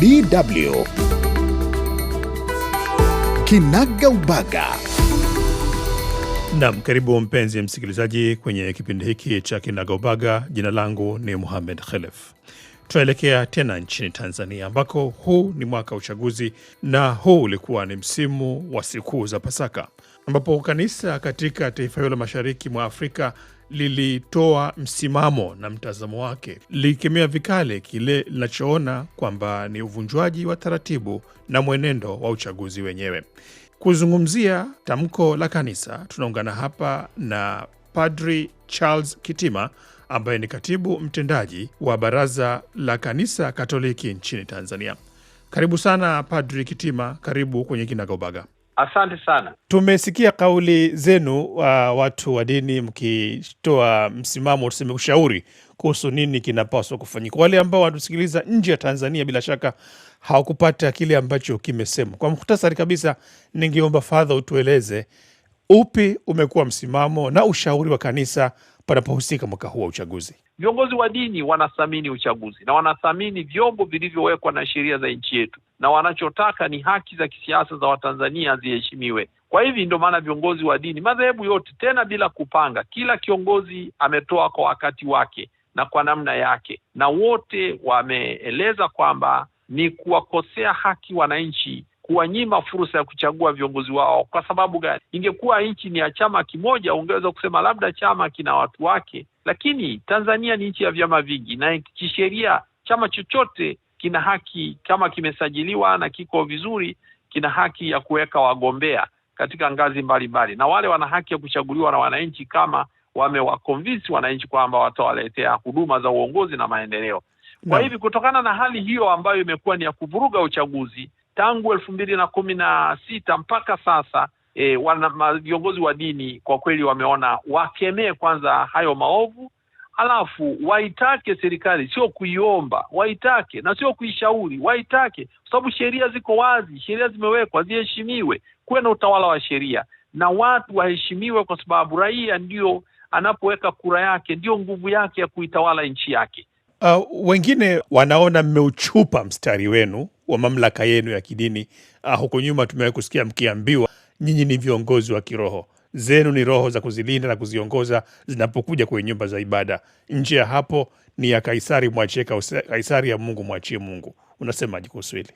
DW ubaga Naam, karibu mpenzi msikilizaji kwenye kipindi hiki cha Kinagaubaga. Jina langu ni Muhamed Khelef. Tunaelekea tena nchini Tanzania ambako huu ni mwaka wa uchaguzi na huu ulikuwa ni msimu wa sikukuu za Pasaka ambapo kanisa katika taifa hilo la mashariki mwa Afrika lilitoa msimamo na mtazamo wake likikemea vikale kile linachoona kwamba ni uvunjwaji wa taratibu na mwenendo wa uchaguzi wenyewe. Kuzungumzia tamko la kanisa, tunaungana hapa na Padri Charles Kitima ambaye ni katibu mtendaji wa Baraza la Kanisa Katoliki nchini Tanzania. Karibu sana Padri Kitima, karibu kwenye Kinagaubaga. Asante sana. Tumesikia kauli zenu, wa uh, watu wa dini mkitoa msimamo, tuseme ushauri kuhusu nini kinapaswa kufanyika. Wale ambao wanatusikiliza nje ya Tanzania, bila shaka hawakupata kile ambacho kimesemwa. Kwa muhtasari kabisa, ningeomba fadha utueleze upi umekuwa msimamo na ushauri wa kanisa panapohusika mwaka huu wa uchaguzi. Viongozi wa dini wanathamini uchaguzi na wanathamini vyombo vilivyowekwa na sheria za nchi yetu na wanachotaka ni haki za kisiasa za Watanzania ziheshimiwe. Kwa hivi ndio maana viongozi wa dini, madhehebu yote, tena bila kupanga, kila kiongozi ametoa kwa wakati wake na kwa namna yake, na wote wameeleza kwamba ni kuwakosea haki wananchi kuwanyima fursa ya kuchagua viongozi wao. Kwa sababu gani? Ingekuwa nchi ni ya chama kimoja, ungeweza kusema labda chama kina watu wake, lakini Tanzania ni nchi ya vyama vingi, na kisheria chama chochote kina haki kama kimesajiliwa na kiko vizuri, kina haki ya kuweka wagombea katika ngazi mbalimbali mbali. Na wale wana haki ya kuchaguliwa na wananchi kama wamewakonvinsi wananchi kwamba watawaletea huduma za uongozi na maendeleo. Kwa hivi kutokana na hali hiyo ambayo imekuwa ni ya kuvuruga uchaguzi tangu elfu mbili na kumi na sita mpaka sasa eh, wana viongozi wa dini kwa kweli wameona wakemee kwanza hayo maovu alafu waitake serikali, sio kuiomba, waitake na sio kuishauri, waitake, kwa sababu sheria ziko wazi, sheria zimewekwa, ziheshimiwe, kuwe na utawala wa sheria na watu waheshimiwe, kwa sababu raia ndio anapoweka kura yake, ndiyo nguvu yake ya kuitawala nchi yake. Uh, wengine wanaona mmeuchupa mstari wenu wa mamlaka yenu ya kidini. Uh, huko nyuma tumewahi kusikia mkiambiwa nyinyi ni viongozi wa kiroho zenu ni roho za kuzilinda na kuziongoza zinapokuja kwenye nyumba za ibada. Nje ya hapo ni ya Kaisari, mwachie Kaisari, ya Mungu mwachie Mungu. Unasemaje kuhusu hili?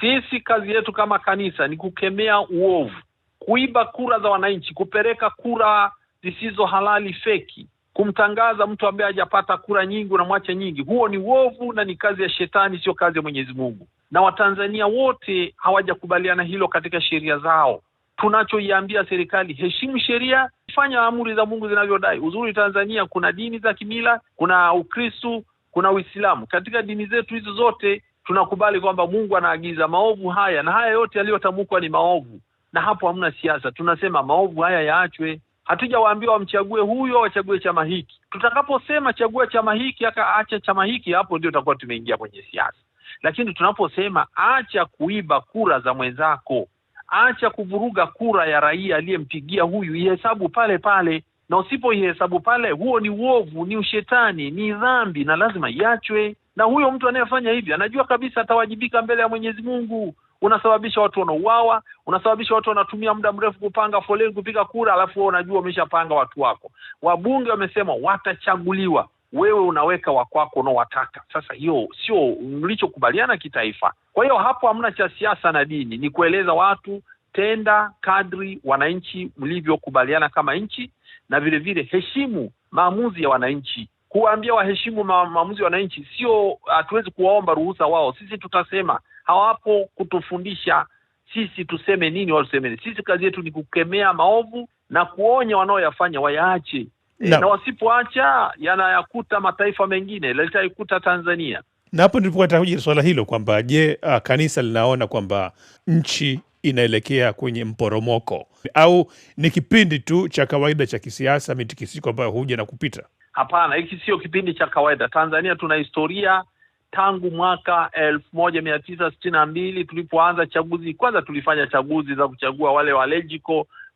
Sisi kazi yetu kama kanisa ni kukemea uovu, kuiba kura za wananchi, kupeleka kura zisizo halali, feki, kumtangaza mtu ambaye hajapata kura nyingi, unamwacha nyingi. Huo ni uovu na ni kazi ya shetani, sio kazi ya Mwenyezi Mungu, na Watanzania wote hawajakubaliana hilo katika sheria zao tunachoiambia serikali, heshimu sheria, fanya amri za Mungu zinavyodai. Uzuri Tanzania kuna dini za kimila, kuna Ukristu, kuna Uislamu. Katika dini zetu hizo zote tunakubali kwamba Mungu anaagiza maovu haya, na haya yote yaliyotamkwa ni maovu, na hapo hamna siasa. Tunasema maovu haya yaachwe. Hatujawaambiwa wamchague huyo, wachague chama hiki. Tutakaposema chagua chama hiki, aka acha chama hiki, hapo ndio tutakuwa tumeingia kwenye siasa. Lakini tunaposema acha kuiba kura za mwenzako, acha kuvuruga kura ya raia aliyempigia huyu, ihesabu pale pale, na usipoihesabu pale, huo ni uovu, ni ushetani, ni dhambi, na lazima iachwe. Na huyo mtu anayefanya hivi anajua kabisa atawajibika mbele ya Mwenyezi Mungu. Unasababisha watu wanauawa, unasababisha watu wanatumia muda mrefu kupanga foleni kupiga kura, alafu wewe unajua umeshapanga watu wako. Wabunge wamesema watachaguliwa wewe unaweka wakwako unaowataka. Sasa hiyo sio mlichokubaliana kitaifa. Kwa hiyo hapo hamna cha siasa na dini, ni kueleza watu tenda kadri wananchi mlivyokubaliana kama nchi, na vilevile vile, heshimu maamuzi ya wananchi kuwaambia waheshimu ma maamuzi ya wananchi. Sio hatuwezi kuwaomba ruhusa wao, sisi tutasema. Hawapo kutufundisha sisi tuseme nini, watusemeni sisi. Kazi yetu ni kukemea maovu na kuonya wanaoyafanya wayaache. Eh, na, na wasipoacha yanayakuta mataifa mengine litaikuta Tanzania. Na hapo ndipo nitakuja swala hilo kwamba je, uh, kanisa linaona kwamba nchi inaelekea kwenye mporomoko au ni kipindi tu cha kawaida cha kisiasa, mitikisiko ambayo huja na kupita? Hapana, hiki sio kipindi cha kawaida. Tanzania tuna historia tangu mwaka elfu moja mia tisa sitini na mbili tulipoanza chaguzi. Kwanza tulifanya chaguzi za kuchagua wale wa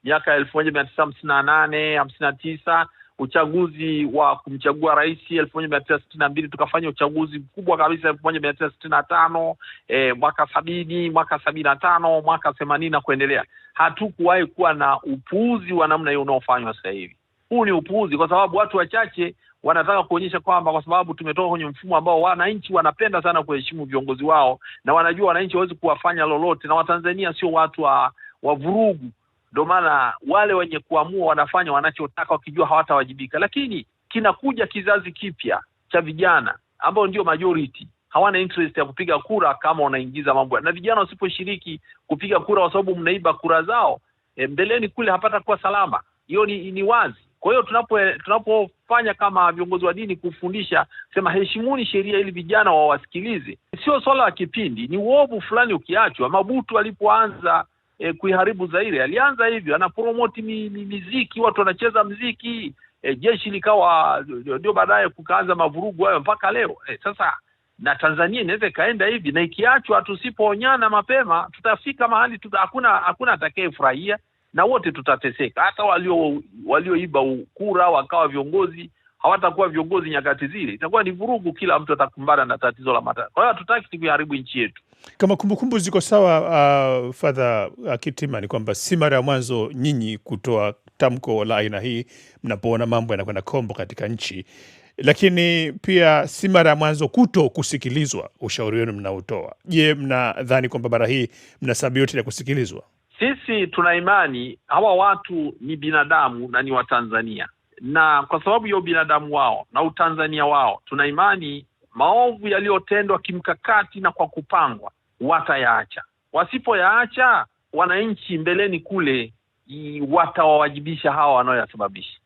miaka elfu moja mia tisa hamsini na nane hamsini na tisa uchaguzi wa kumchagua rais elfu moja mia tisa sitini na mbili tukafanya uchaguzi mkubwa kabisa elfu moja mia tisa sitini na tano e, mwaka sabini mwaka sabini na tano mwaka themanini na kuendelea. Hatukuwahi kuwa na upuuzi wa namna hiyo unaofanywa sasa hivi. Huu ni upuuzi, kwa sababu watu wachache wanataka kuonyesha kwamba kwa sababu tumetoka kwenye mfumo ambao wananchi wanapenda sana kuheshimu viongozi wao, na wanajua wananchi wawezi kuwafanya lolote, na Watanzania sio watu wa wa vurugu ndo maana wale wenye kuamua wanafanya wanachotaka wakijua hawatawajibika, lakini kinakuja kizazi kipya cha vijana ambao ndio majority hawana interest ya kupiga kura kama wanaingiza mambo na vijana wasiposhiriki kupiga kura kwa sababu mnaiba kura zao, e, mbeleni kule hapata kuwa salama. Hiyo ni, ni wazi. Kwa hiyo tunapofanya kama viongozi wa dini kufundisha sema heshimuni sheria ili vijana wawasikilize, sio swala la kipindi, ni uovu fulani ukiachwa. Mabutu alipoanza e, kuiharibu Zaire. Alianza hivyo, anapromoti mi, mi, miziki, watu wanacheza mziki e, jeshi likawa ndio, baadaye kukaanza mavurugu hayo mpaka leo e, sasa na Tanzania inaweza ikaenda hivi, na ikiachwa tusipoonyana mapema, tutafika mahali tuta, hakuna hakuna atakayefurahia na wote tutateseka, hata walio walioiba kura wakawa viongozi hawatakuwa viongozi nyakati zile, itakuwa ni vurugu, kila mtu atakumbana na tatizo la mata. Kwa hiyo hatutaki kuiharibu nchi yetu. Kama kumbukumbu ziko sawa, uh, Fadha uh, Kitima, ni kwamba si mara ya mwanzo nyinyi kutoa tamko la aina hii mnapoona mambo yanakwenda kombo katika nchi, lakini pia si mara ya mwanzo kuto kusikilizwa ushauri wenu mnaotoa. Je, mnadhani kwamba bara hii mna sababu yote ya kusikilizwa? Sisi tuna imani hawa watu ni binadamu na ni Watanzania na kwa sababu ya ubinadamu wao na utanzania wao, tuna imani maovu yaliyotendwa kimkakati na kwa kupangwa watayaacha. Wasipoyaacha, wananchi mbeleni kule watawawajibisha hawa wanaoyasababisha.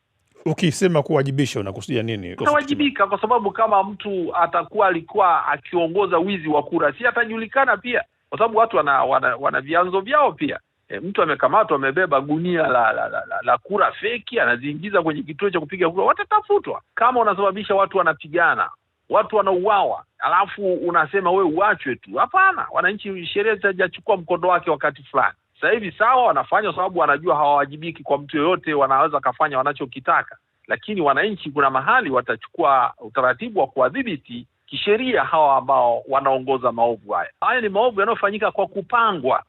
Ukisema kuwajibisha unakusudia nini? Atawajibika kwa sababu kama mtu atakuwa alikuwa akiongoza wizi wa kura, si atajulikana pia, kwa sababu watu wana, wana, wana vyanzo vyao pia e, mtu amekamatwa amebeba gunia la, la, la, la, la kura feki anaziingiza kwenye kituo cha kupiga kura, watatafutwa. Kama unasababisha watu wanapigana, watu wanauawa, alafu unasema we uachwe tu, hapana. Wananchi, sheria zitajachukua mkondo wake wakati fulani. Sasa hivi sawa, wanafanya sababu wanajua hawawajibiki kwa mtu yoyote, wanaweza kafanya wanachokitaka, lakini wananchi, kuna mahali watachukua utaratibu wa kuwadhibiti kisheria hawa ambao wanaongoza maovu haya. Haya ni maovu yanayofanyika kwa kupangwa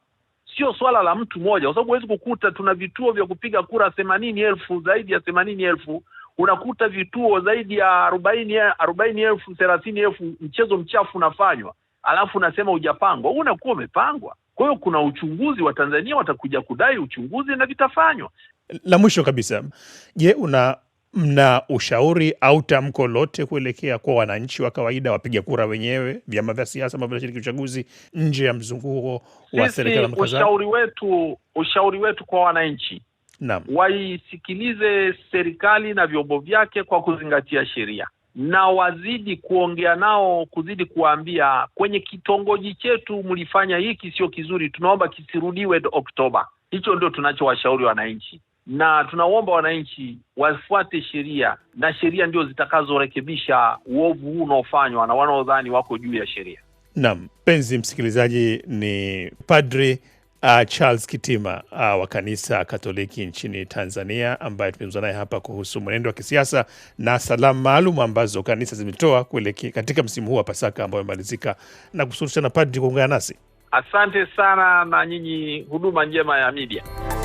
sio swala la mtu mmoja, kwa sababu huwezi kukuta tuna vituo vya kupiga kura themanini elfu zaidi ya themanini elfu unakuta vituo zaidi ya arobaini arobaini elfu thelathini elfu mchezo mchafu unafanywa, alafu unasema hujapangwa. Huu unakuwa umepangwa. Kwa hiyo kuna uchunguzi wa Tanzania, watakuja kudai uchunguzi na vitafanywa. La mwisho kabisa, je, una mna ushauri au tamko lote kuelekea kwa wananchi wa kawaida, wapiga kura wenyewe, vyama vya siasa ambavyo vinashiriki uchaguzi nje ya mzunguko wa serikali? Ushauri wetu, ushauri wetu kwa wananchi, naam, waisikilize serikali na vyombo vyake kwa kuzingatia sheria na wazidi kuongea nao, kuzidi kuwaambia kwenye kitongoji chetu mlifanya hiki, sio kizuri, tunaomba kisirudiwe Oktoba. Hicho ndio tunachowashauri wananchi na tunaomba wananchi wafuate sheria na sheria ndio zitakazorekebisha uovu huu unaofanywa na wanaodhani wako juu ya sheria. Naam, mpenzi msikilizaji, ni Padri uh, Charles Kitima uh, wa kanisa Katoliki nchini Tanzania ambaye tumezungumza naye hapa kuhusu mwenendo wa kisiasa na salamu maalum ambazo kanisa zimetoa kuelekea katika msimu huu wa Pasaka ambao amemalizika. Na kusurusha na padri kuungana nasi, asante sana, na nyinyi huduma njema ya media.